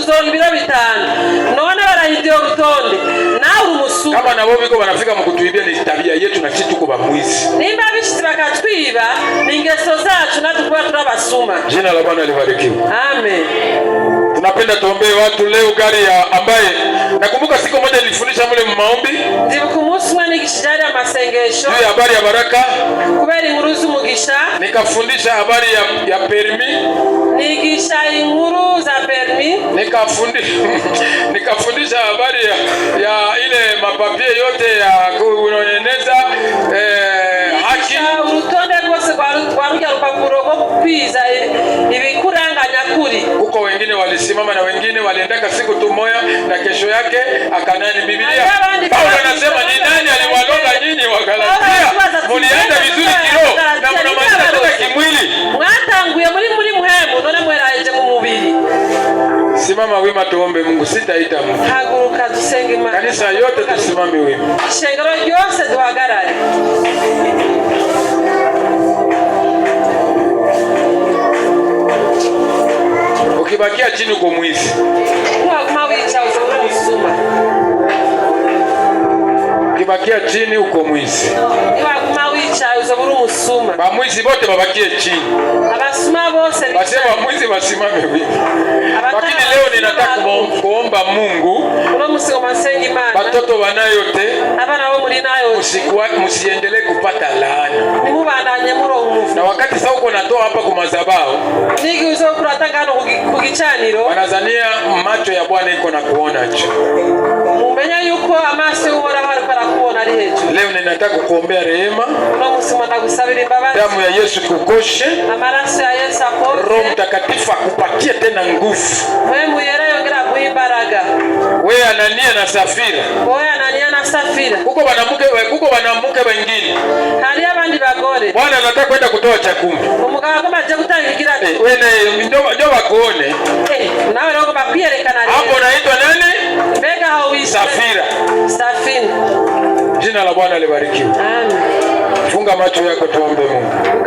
tuzonga tuzongera bitanu none barahitiye urutonde nawe umusuku kama nabo biko barafika mu kutuibia ni tabia yetu na kitu kuba mwizi nimba bishitsi bakatwiba ni ingeso zacu natukuwa turabasuma jina la Bwana libarikiwe amen Tunapenda tuombee watu leo gari ya ambaye nakumbuka siku moja nilifundisha mule maombi ndibukumusi mwana ikishijari amasengesho juu ya habari ya baraka kubera inkuru z'umugisha nikafundisha habari ya, ya permi inguru za permi nikafundisha nikafundisha habari ya, ya ile mapapie yote ya kueneza eh, haki urutonde rwose rwarurya rupapuro rwo kwiza ibikuranganya kuri huko. Wengine walisimama na wengine waliendeka siku tu moja na kesho yake akanani Biblia Paulo anasema tuombe Mungu, sitaita mtu. Kanisa yote tusimame wima. Ishengero ryose duhagarare. Ukibakia chini uko mwizi. Kwa uzo. ukibakia chini uko mwizi bamwizi bote babakie chini basema bamwizi basimame lakini leo ninataka kuomba Mungu batoto banayote musiendelee kupata laana na wakati sauko natoa hapa kumadhabahu hata ngano kukicaniro macho ya Bwana iko na kuona cho mumenya yuko amaso y'uhoraho ariko arakubona ari hejuru leo ninataka kuombea rehema uno musi mwenda gusabira imbabazi damu ya Yesu kukoshe amaraso ya Yesu akoshe Roho Mtakatifu akupatie tena nguvu wewe muyera yongera kuimbaraga wewe Anania na Safira wewe Anania na Safira kuko banamuke kuko banamuke wengine hali abandi bagore Bwana anataka kwenda kutoa cha kumi njo bakuone eh, hapo. Naitwa nani? Safira. Jina la Bwana libarikiwe. Funga macho yako tuombe Mungu.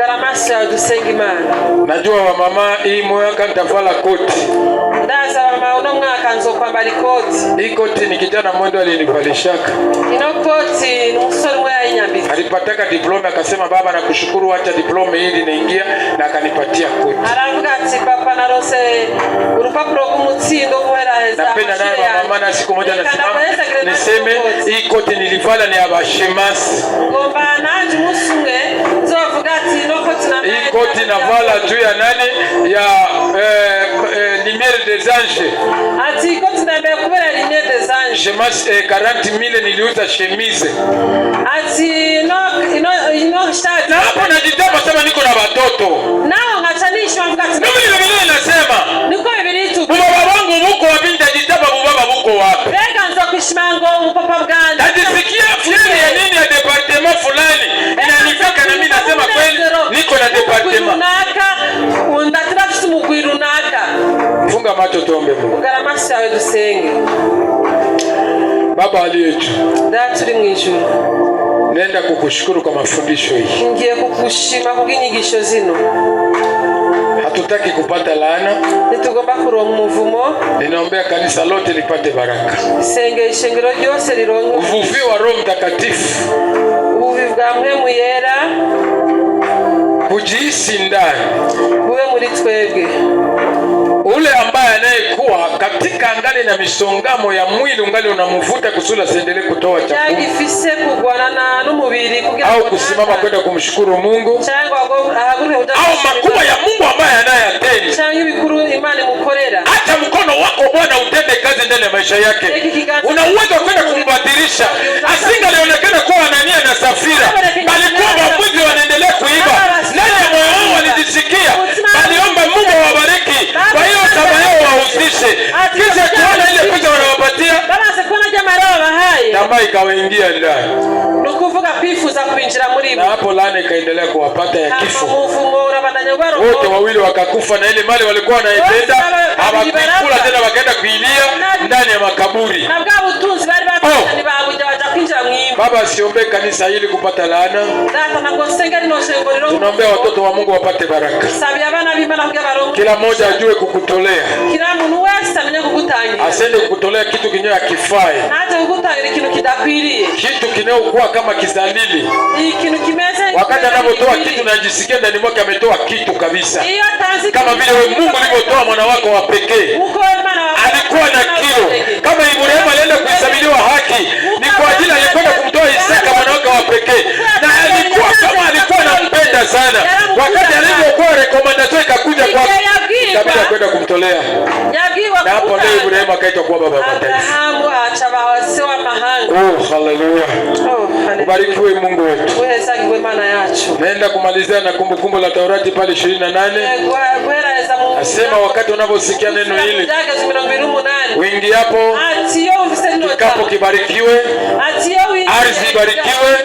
Najua wamama hii mwaka mtafala koti paulo mwakanzo kwambala ikoti ni kijana mmoja alinivalishaka ino koti ni umusore umwe alipataka diplome akasema baba nakushukuru hata diplome hii linaingia na akanipatia koti aravuga ati papa narose urupapuro rw'umutsindo guhera napenda naye mama na siku moja niseme hii koti nilivala ni abashemasi ngomba nanje umunsi umwe nzovuga ati ino koti navala juu ya nani ya eh, lumiere des anges ati ko tutembea kubera lumiere des anges shemas eh, 40 mille niliuza chemise ati ino ino ino shtati data uri mu ijuru nenda kukushukuru kwa mafundisho hii ngiye kukushima kubw'inyigisho zino hatutaki kupata laana, nitugomba kuronka umuvumo. Ninaombea kanisa lote lipate baraka, senge ngiro ryose lironke uvuvi wa Roho Mtakatifu, ubuvi bwa mwemu yera bujihisi ndani, bube muri twebwe. Ule ambaye anaye katika ngali na misongamo ya mwili ungali unamuvuta kusudi asiendelee kutoa chakula au kusimama kwenda kumshukuru Mungu au makubwa ya Mungu ambaye anayatenda. Hata mkono wako Bwana utende kazi ndani ya maisha yake, una uwezo kwenda kumbadilisha, asingalionekana kuwa Anania na Safira. ikawaingia ndani muri na hapo lana ikaendelea kuwapata ya kifo, wote wawili wakakufa, na ile mali walikuwa wanaipenda hawakikula tena, wakaenda kuilia ndani ya makaburi. Baba, siombe kanisa hili kupata laana. Tunaombea watoto wa Mungu wapate baraka, kila mmoja ajue kukutolea, asende kukutolea kitu kinyo akifai, kitu kuwa kama kizalili. Wakati anapotoa kitu najisikia ndani mwake ametoa kitu kabisa, kama vile Mungu alivyotoa mwana wako wa pekee wakati alivyokuwa rekomandation ikakuja kwa Samia kwenda kumtolea, na hapo ndio Ibrahimu akaitwa kuwa baba mataifa. Oh, haleluya! Oh, ubarikiwe Mungu wetu. Naenda kumalizia na Kumbukumbu la Taurati pale 28 eh, asema, wakati unaposikia neno hili uingiapo, kikapo kibarikiwe, ardhi ibarikiwe,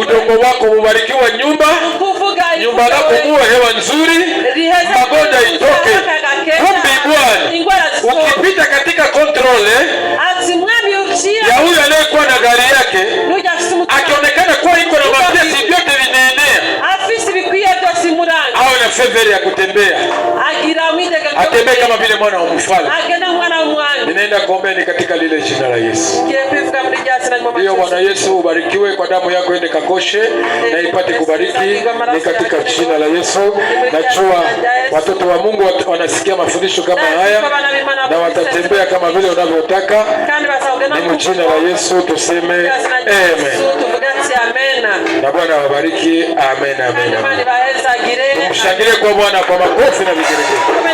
udongo wako ubarikiwe, nyumba nyumba lako kuwa hewa nzuri, magonjwa itoke. Kumbi Bwana, ukipita katika kontrole eh, ya huyo anayekuwa na gari yake, akionekana kuwa iko na mapesi vyote vinaenea, awe na fevere ya kutembea, atembee kama vile mwana wa mfalme. Ninaenda kuombeni katika lile jina la Yesu. Ndiyo, Bwana Yesu ubarikiwe, kwa damu yako ende kakoshe na ipate kubariki, ni katika jina la Yesu. Najua watoto wa Mungu wanasikia mafundisho kama haya na watatembea kama vile unavyotaka, ni mjina la Yesu tuseme amen, na Bwana wabariki. Amen, amen, amen. Tumshangilie kwa Bwana kwa makofi na vigelegele.